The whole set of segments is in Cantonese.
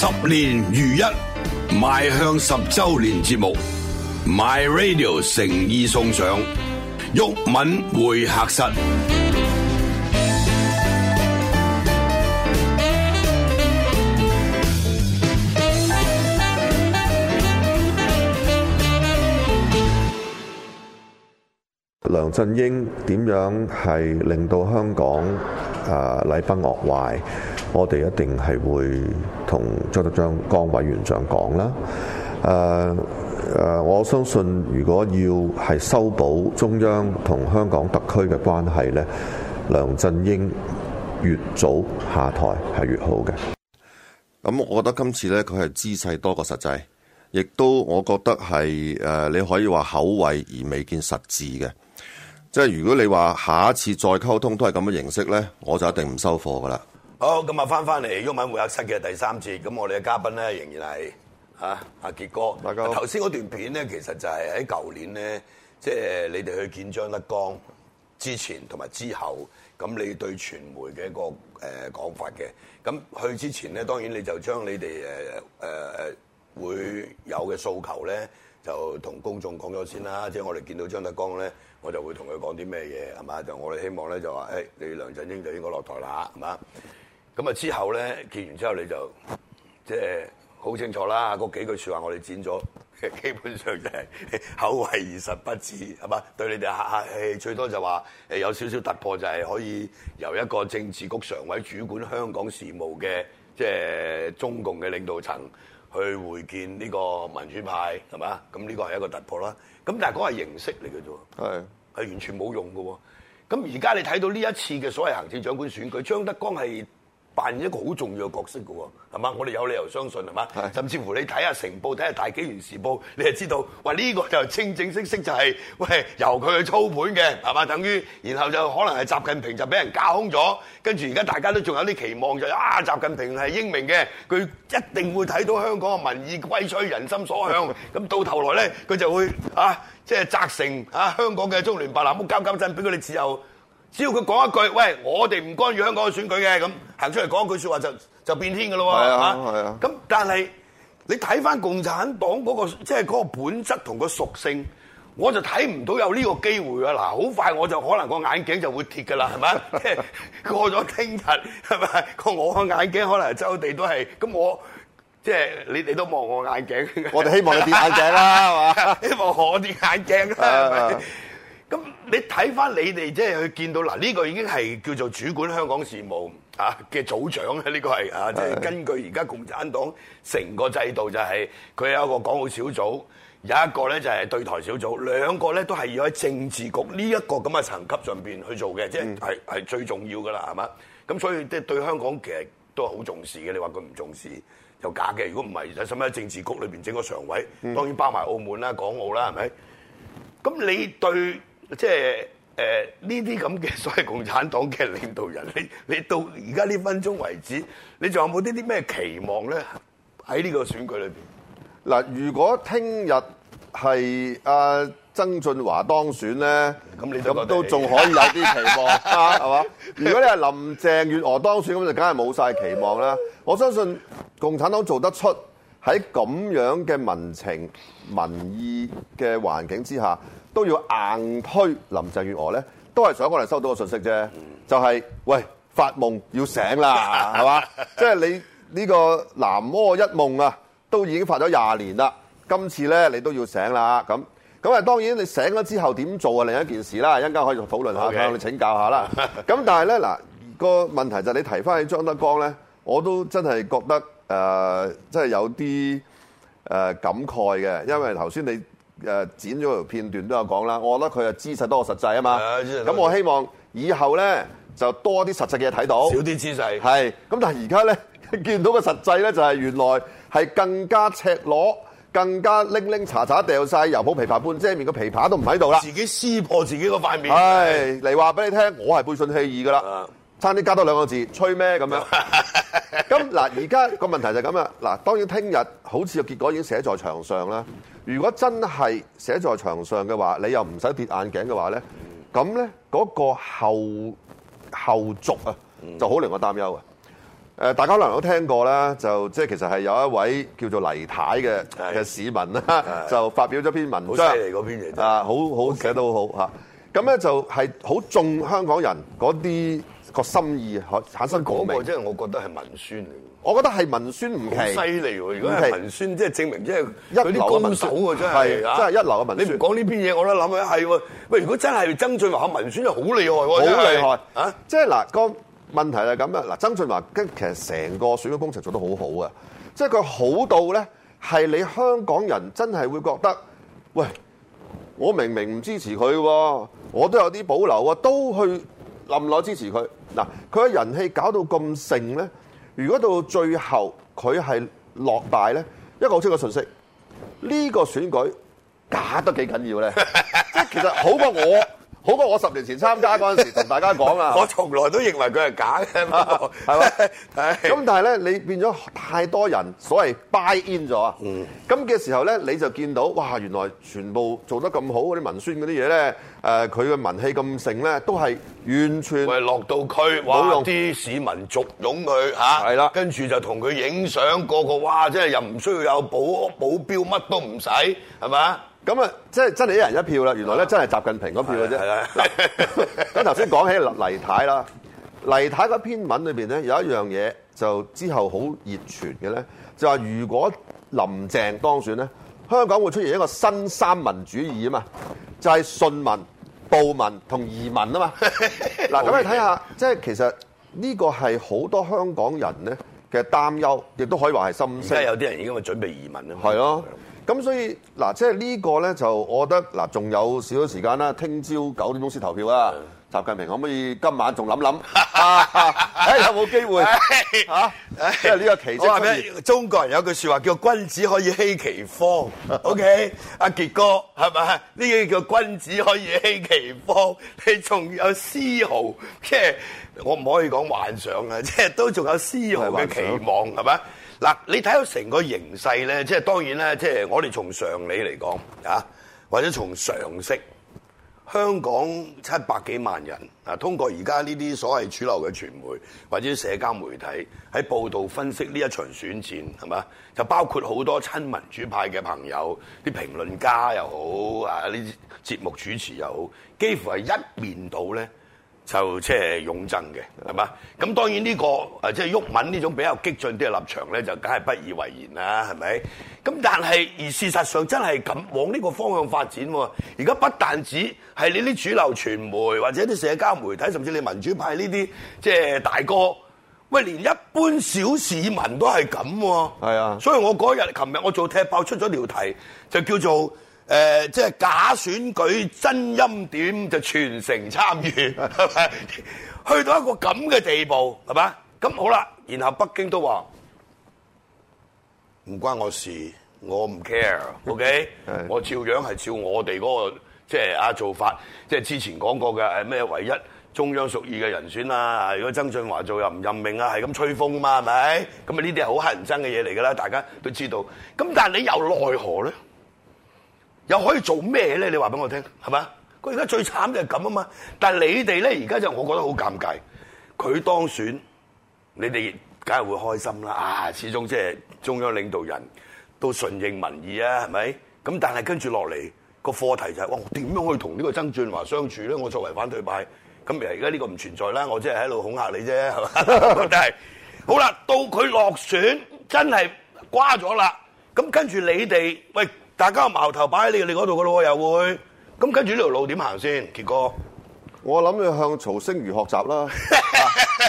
十年如一，邁向十周年節目，My Radio 誠意送上。毓民會客室，梁振英點樣係令到香港誒禮崩樂壞？我哋一定係會同張德江委員長講啦。誒誒，我相信如果要係修補中央同香港特區嘅關係呢，梁振英越早下台係越好嘅。咁我覺得今次呢，佢係姿勢多過實際，亦都我覺得係誒你可以話口惠而未見實質嘅。即係如果你話下一次再溝通都係咁嘅形式呢，我就一定唔收貨噶啦。好，咁啊，翻翻嚟《毓民會客室》嘅第三節，咁我哋嘅嘉賓咧仍然係啊阿杰哥，頭先嗰段片咧，其實就係喺舊年咧，即、就、係、是、你哋去見張德江之前同埋之後，咁你對傳媒嘅一個誒講、呃、法嘅，咁去之前咧，當然你就將你哋誒誒會有嘅訴求咧，就同公眾講咗先啦。嗯、即係我哋見到張德江咧，我就會同佢講啲咩嘢，係嘛？就我哋希望咧，就話誒、哎，你梁振英就應該落台啦，係嘛？咁啊！之後咧見完之後你就即係好清楚啦。嗰幾句說話我哋剪咗，基本上就係口惠而實不至，係嘛？對你哋客氣，最多就話誒有少少突破，就係可以由一個政治局常委主管香港事務嘅即係中共嘅領導層去會見呢個民主派，係嘛？咁呢個係一個突破啦。咁但係嗰個形式嚟嘅啫喎，係完全冇用㗎喎。咁而家你睇到呢一次嘅所謂行政長官選舉，張德江係扮演一個好重要嘅角色嘅喎，係嘛？我哋有理由相信係嘛？甚至乎你睇下《成報》，睇下《大紀元時報》，你就知道，喂呢、這個就清正式式，就係喂由佢去操盤嘅，係嘛？等於然後就可能係習近平就俾人架空咗，跟住而家大家都仲有啲期望就啊，習近平係英明嘅，佢一定會睇到香港嘅民意歸趨，人心所向。咁到頭來呢，佢就會啊，即係責成啊香港嘅中聯辦，嗱唔好搞搞震，俾佢哋自由。只要佢講一句，喂，我哋唔干預香港選舉嘅，咁行出嚟講一句說話就就變天噶咯喎，係啊，咁但係你睇翻共產黨嗰個即係嗰個本質同個屬性，我就睇唔到有呢個機會啊！嗱，好快我就可能個眼鏡就會跌噶啦，係咪？即 係過咗聽日，係咪個我個眼鏡可能周地都係咁？我即係、就是、你哋都望我眼鏡，我哋希望跌眼鏡啦，係嘛？希望我跌眼鏡啦。 咁你睇翻你哋即係去見到嗱，呢個已經係叫做主管香港事務啊嘅組長啦，呢個係啊，即係根據而家共產黨成個制度就係佢有一個港澳小組，有一個咧就係對台小組，兩個咧都係要喺政治局呢一個咁嘅層級上面去做嘅，即係係係最重要噶啦，係嘛？咁所以即係對香港其實都係好重視嘅，你話佢唔重視就假嘅。如果唔係，而家使乜喺政治局裏面整個常委，當然包埋澳門啦、港澳啦，係咪？咁你對？即係誒呢啲咁嘅所謂共產黨嘅領導人，你你到而家呢分鐘為止，你仲有冇啲啲咩期望咧？喺呢個選舉裏面，嗱，如果聽日係阿曾俊華當選咧，咁你都仲可以有啲期望嚇，係嘛？ 如果你係林鄭月娥當選，咁就梗係冇晒期望啦。我相信共產黨做得出。喺咁樣嘅民情民意嘅環境之下，都要硬推林鄭月娥呢？都係想我哋收到個訊息啫。就係、是、喂，發夢要醒啦，係 嘛？即、就、係、是、你呢個南柯一夢啊，都已經發咗廿年啦。今次呢你都要醒啦。咁咁啊，當然你醒咗之後點做啊？另一件事啦，一陣間可以討論下，向、okay. 你請教下啦。咁 但係呢，嗱、那個問題就係、你提翻去張德江呢，我都真係覺得。誒、呃，即係有啲誒、呃、感慨嘅，因為頭先你、呃、剪咗條片段都有講啦。我覺得佢啊姿勢多過實際啊嘛。咁我希望以後呢，就多啲實際嘅嘢睇到，少啲姿勢。咁，但係而家呢，見到個實際呢，就係原來係更加赤裸，更加拎拎查查掉晒，猶抱琵琶半遮面嘅琵琶都唔喺度啦。自己撕破自己個塊面。嚟話俾你聽，我係背信棄義噶啦。差啲加多兩個字，吹咩咁樣？ 嗱，而家個問題就係咁啊！嗱，當然聽日好似個結果已經寫在牆上啦。如果真係寫在牆上嘅話，你又唔使跌眼鏡嘅話咧，咁咧嗰個後後續啊，就好令我擔憂啊。誒，大家可能都聽過啦，就即係其實係有一位叫做黎太嘅嘅市民啦，就發表咗篇文章，好犀利嗰篇嘢啊，好好寫得好好嚇。咁咧就係好中香港人嗰啲。個心意可產生果味，即係我覺得係文宣嚟。我覺得係文宣好犀利喎！如果係文宣，即係證明即係一流嘅文。真係真係一流嘅文宣，宣。你唔講呢篇嘢，我都諗係係喎。喂，如果真係曾俊華文宣就好厲害喎，好厲害啊！即係嗱，個問題係咁啊！嗱，曾俊華跟其實成個選舉工程做得好好啊！即係佢好到咧，係你香港人真係會覺得，喂，我明明唔支持佢喎，我都有啲保留啊，都去。林羅支持佢，嗱，佢嘅人氣搞到咁盛咧。如果到最後佢係落敗咧，一個好清楚信息，呢個選舉假得幾緊要咧？即 其實好過我。好過我十年前參加嗰陣時同大家講啊，我從來都認為佢係假嘅嘛，係咪？咁但係咧，你變咗太多人所謂 buy in 咗啊。咁嘅時候咧，你就見到哇，原來全部做得咁好嗰啲文宣嗰啲嘢咧，誒佢嘅文氣咁盛咧，都係完全係落到區，哇！啲市民簇擁佢嚇，係啦，跟住就同佢影相，個個哇，即係又唔需要有保保鏢，乜都唔使，係嘛？咁啊，即係真係一人一票啦！原來咧，真係習近平嗰票嘅啫。咁頭先講起黎太啦， 黎太嗰篇文裏面咧有一樣嘢，就之後好熱傳嘅咧，就話如果林鄭當選咧，香港會出現一個新三民主義啊嘛，就係、是、順民、暴民同移民啊嘛。嗱，咁你睇下，即 係其實呢個係好多香港人咧嘅擔憂，亦都可以話係心聲。即係有啲人已經去準備移民咯。咁所以嗱、啊，即係呢個咧就，我覺得嗱，仲、啊、有少少時間啦，聽朝九點鐘先投票啊。習近平可唔可以今晚仲諗諗？誒、 啊哎、有冇機會即係呢個其實個奇，我話中國人有句說話叫君子可以欺其方。OK，阿 傑、啊、哥係咪？呢、這個叫君子可以欺其方，你仲有絲毫即係我唔可以講幻想啊！即係都仲有絲毫嘅期望係咪？嗱，你睇到成個形勢咧，即係當然咧，即係我哋從常理嚟講啊，或者從常識，香港七百幾萬人啊，通過而家呢啲所謂主流嘅傳媒或者社交媒體喺報道分析呢一場選戰，係嘛？就包括好多親民主派嘅朋友，啲評論家又好啊，呢啲節目主持又好，幾乎係一面倒咧。就即、是、係擁曾嘅，係嘛？咁 當然呢、這個即係毓民呢種比較激進啲嘅立場咧，就梗係不以為然啦，係咪？咁但係而事實上真係咁往呢個方向發展喎、啊。而家不但止係你啲主流傳媒或者啲社交媒體，甚至你民主派呢啲即係大哥，喂，連一般小市民都係咁喎。係啊， 所以我嗰日琴日我做踢爆出咗條題，就叫做。誒、呃，即係假選舉真音點就全城參與， 去到一個咁嘅地步，係咪？咁好啦，然後北京都話唔 關我事，我唔 care，OK，okay? 我照樣係照我哋嗰、那個即係、就是啊、做法，即、就、係、是、之前講過嘅咩？唯一中央屬意嘅人選啦、啊，如果曾俊華做又唔任命啊，係咁吹風嘛、啊，係咪？咁啊呢啲係好乞人憎嘅嘢嚟㗎啦，大家都知道。咁但係你又奈何咧？又可以做咩咧？你話俾我聽，係咪？佢而家最慘就係咁啊嘛！但係你哋咧，而家就我覺得好尷尬。佢當選，你哋梗係會開心啦！啊，始終即係中央領導人都順應民意啊，係咪？咁但係跟住落嚟個課題就係，哇，點樣去同呢個曾俊華相處咧？我作為反對派，咁而家呢個唔存在啦，我即係喺度恐嚇你啫，係嘛？ 但係好啦，到佢落選，真係瓜咗啦。咁跟住你哋喂。大家有矛頭擺喺你你嗰度嘅咯，又會咁跟住呢條路點行先？傑哥，我諗要向曹星如學習啦，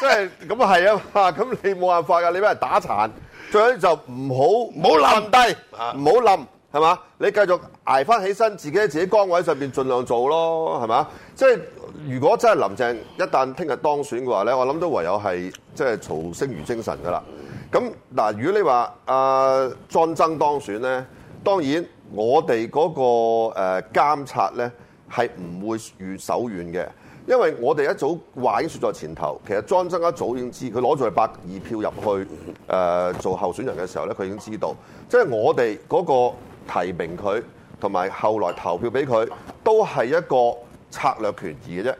即係咁係啊，咁你冇辦法噶，你俾人打殘，最緊就唔好唔好冧低，唔好冧，係嘛？你繼續捱翻起身，自己喺自己崗位上面盡量做咯，係嘛？即係如果真係林鄭一旦聽日當選嘅話咧，我諗都唯有係即係曹星如精神㗎啦。咁嗱，如果你話啊莊森當選咧，當然。我哋嗰個誒監察咧係唔會遠手軟嘅，因為我哋一早話已經說在前頭，其實 John Tsang 一早已經知，佢攞咗百二票入去誒、呃、做候選人嘅時候咧，佢已經知道，即係我哋嗰個提名佢同埋後來投票俾佢，都係一個策略權宜嘅啫。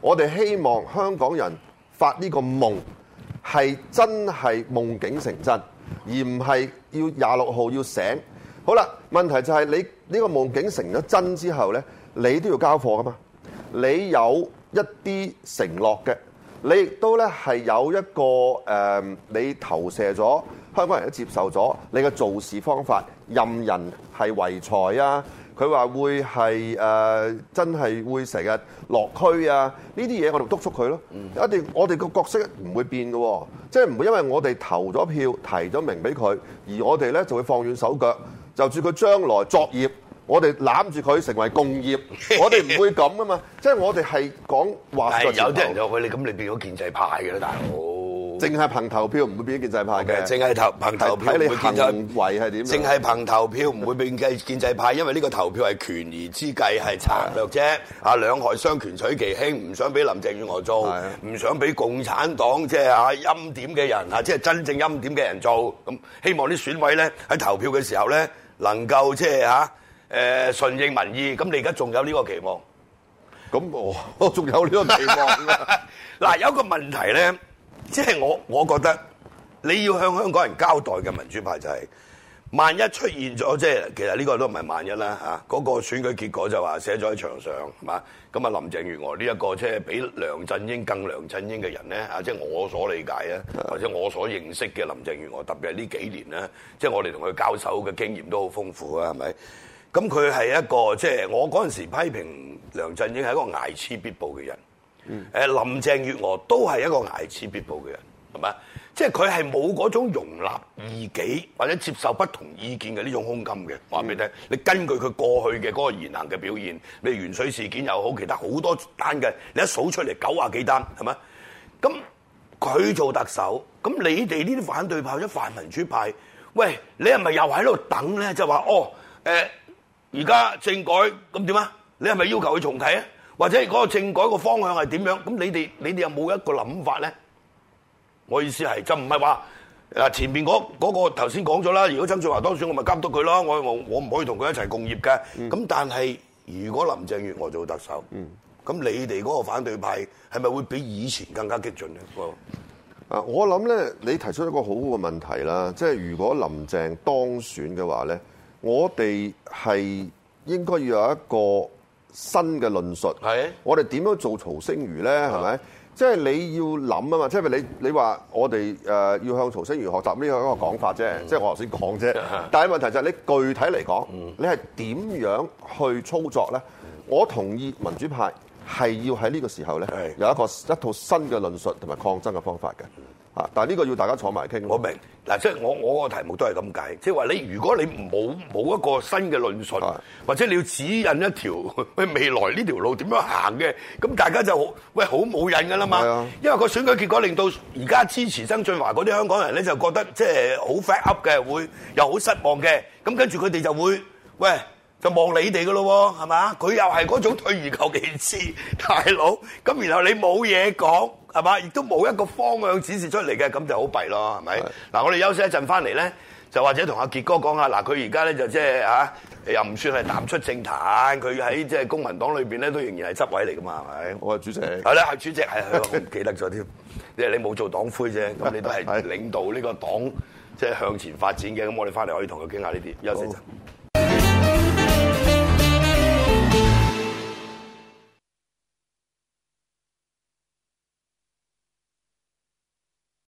我哋希望香港人發呢個夢，係真係夢境成真，而唔係要廿六號要醒。好啦，問題就係你呢個夢境成咗真之後呢，你都要交貨㗎嘛？你有一啲承諾嘅，你亦都呢係有一個誒、呃，你投射咗，香港人都接受咗你嘅做事方法，任人係唯才啊！佢話會係誒、呃，真係會成日落區啊！呢啲嘢我哋督促佢咯。一定我哋個角色唔會變嘅喎，即係唔會因為我哋投咗票、提咗名俾佢，而我哋呢就會放軟手腳。就算佢將來作業，我哋攬住佢成為共業，我哋唔會咁噶嘛。即 係我哋係講話說。係有啲人就佢，你咁你變咗建制派㗎啦，大佬。淨係憑投票唔會變建制派嘅。淨係投憑投票會變建制派，你行為係點？淨係憑投票唔會變咗建制派，因為呢個投票係權宜之計，係策略啫。啊，兩害相權取其輕，唔想俾林鄭月娥做，唔 想俾共產黨即係啊欽點嘅人啊，即係、就是、真正欽點嘅人做。咁希望啲選委咧喺投票嘅時候咧。能夠即係嚇，誒，順應民意，咁你而家仲有呢個期望？咁我我仲有呢個期望啦。嗱， 有個問題咧，即係我我覺得你要向香港人交代嘅民主派就係。萬一出現咗，即係其實呢個都唔係萬一啦嚇，嗰、那個選舉結果就話寫咗喺牆上，係嘛？咁啊，林鄭月娥呢、這、一個即係比梁振英更梁振英嘅人咧，啊，即係我所理解啊，或者我所認識嘅林鄭月娥，特別係呢幾年咧，即、就、係、是、我哋同佢交手嘅經驗都好豐富啊，係咪？咁佢係一個即係、就是、我嗰陣時批評梁振英係一個睚眥必報嘅人，誒、嗯，林鄭月娥都係一個睚眥必報嘅人，係咪？即係佢係冇嗰種容納異己或者接受不同意見嘅呢種胸襟嘅。話話俾你聽，你根據佢過去嘅嗰個言行嘅表現，你元水事件又好，其他好多單嘅，你一數出嚟九啊幾單，係咪？咁佢做特首，咁你哋呢啲反對派，或者泛民主派，喂，你係咪又喺度等咧？就話、是、哦，誒、呃，而家政改咁點啊？你係咪要求佢重啟啊？或者嗰個政改個方向係點樣？咁你哋你哋有冇一個諗法咧？我意思係就唔係話嗱前面嗰、嗰、嗰個頭先講咗啦，如果曾俊華當選，我咪監督佢咯，我我唔可以同佢一齊共業嘅。咁、嗯、但係如果林鄭月娥做特首，咁、嗯、你哋嗰個反對派係咪會比以前更加激進咧？啊，我諗咧，你提出一個好好嘅問題啦，即係如果林鄭當選嘅話咧，我哋係應該要有一個新嘅論述，我哋點樣做曹星如咧？係咪？即、啊、係、就是、你要諗啊嘛！即、就、係、是、你你話我哋誒要向曹星如學習呢一個講法啫，即、嗯、係、就是、我頭先講啫。但係問題就係、是、你具體嚟講、嗯，你係點樣去操作咧？我同意民主派係要喺呢個時候咧，有一個、嗯、一套新嘅論述同埋抗爭嘅方法嘅。啊！但係呢個要大家坐埋傾，我明嗱，即係我我個題目都係咁解，即係話你如果你冇冇一個新嘅論述，或者你要指引一條喂未來呢條路點樣行嘅，咁大家就喂好冇癮噶啦嘛，因為個選舉結果令到而家支持曾俊華嗰啲香港人咧就覺得即係好 fed up 嘅，會又好失望嘅，咁跟住佢哋就會喂。就望你哋噶咯喎，係嘛？佢又係嗰種退而求其次，大佬。咁然後你冇嘢講，係嘛？亦都冇一個方向展示出嚟嘅，咁就好弊咯，係咪？嗱，我哋休息一陣翻嚟咧，就或者同阿傑哥講下，嗱、就是，佢而家咧就即係嚇，又唔算係淡出政壇，佢喺即係公民黨裏邊咧都仍然係執委嚟噶嘛，係咪？我係主，主席。係啦，係主席，係係，唔記得咗添。即 係你冇做黨魁啫，咁你都係領導呢個黨即係向前發展嘅。咁我哋翻嚟可以同佢傾下呢啲。休息一陣。